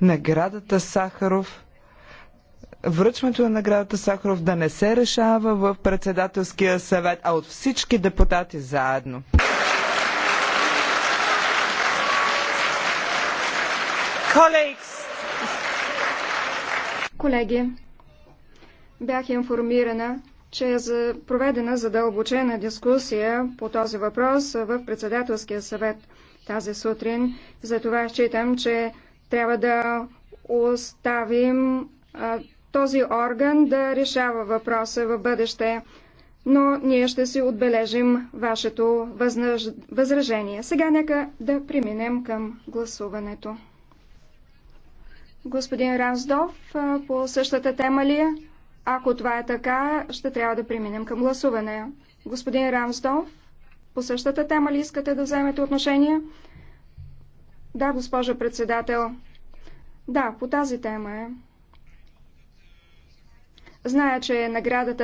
наградата Сахаров, връчването на наградата Сахаров да не се решава в председателския съвет, а от всички депутати заедно. Колеги, бях информирана, че е за проведена задълбочена дискусия по този въпрос в председателския съвет тази сутрин. Затова считам, че трябва да оставим а, този орган да решава въпроса в бъдеще, но ние ще си отбележим вашето възнъж... възражение. Сега нека да преминем към гласуването. Господин Раздов, по същата тема ли е? Ако това е така, ще трябва да преминем към гласуване. Господин Рамсдов, по същата тема ли искате да вземете отношение? Да, госпожа председател. Да, по тази тема е. Зная, че наградата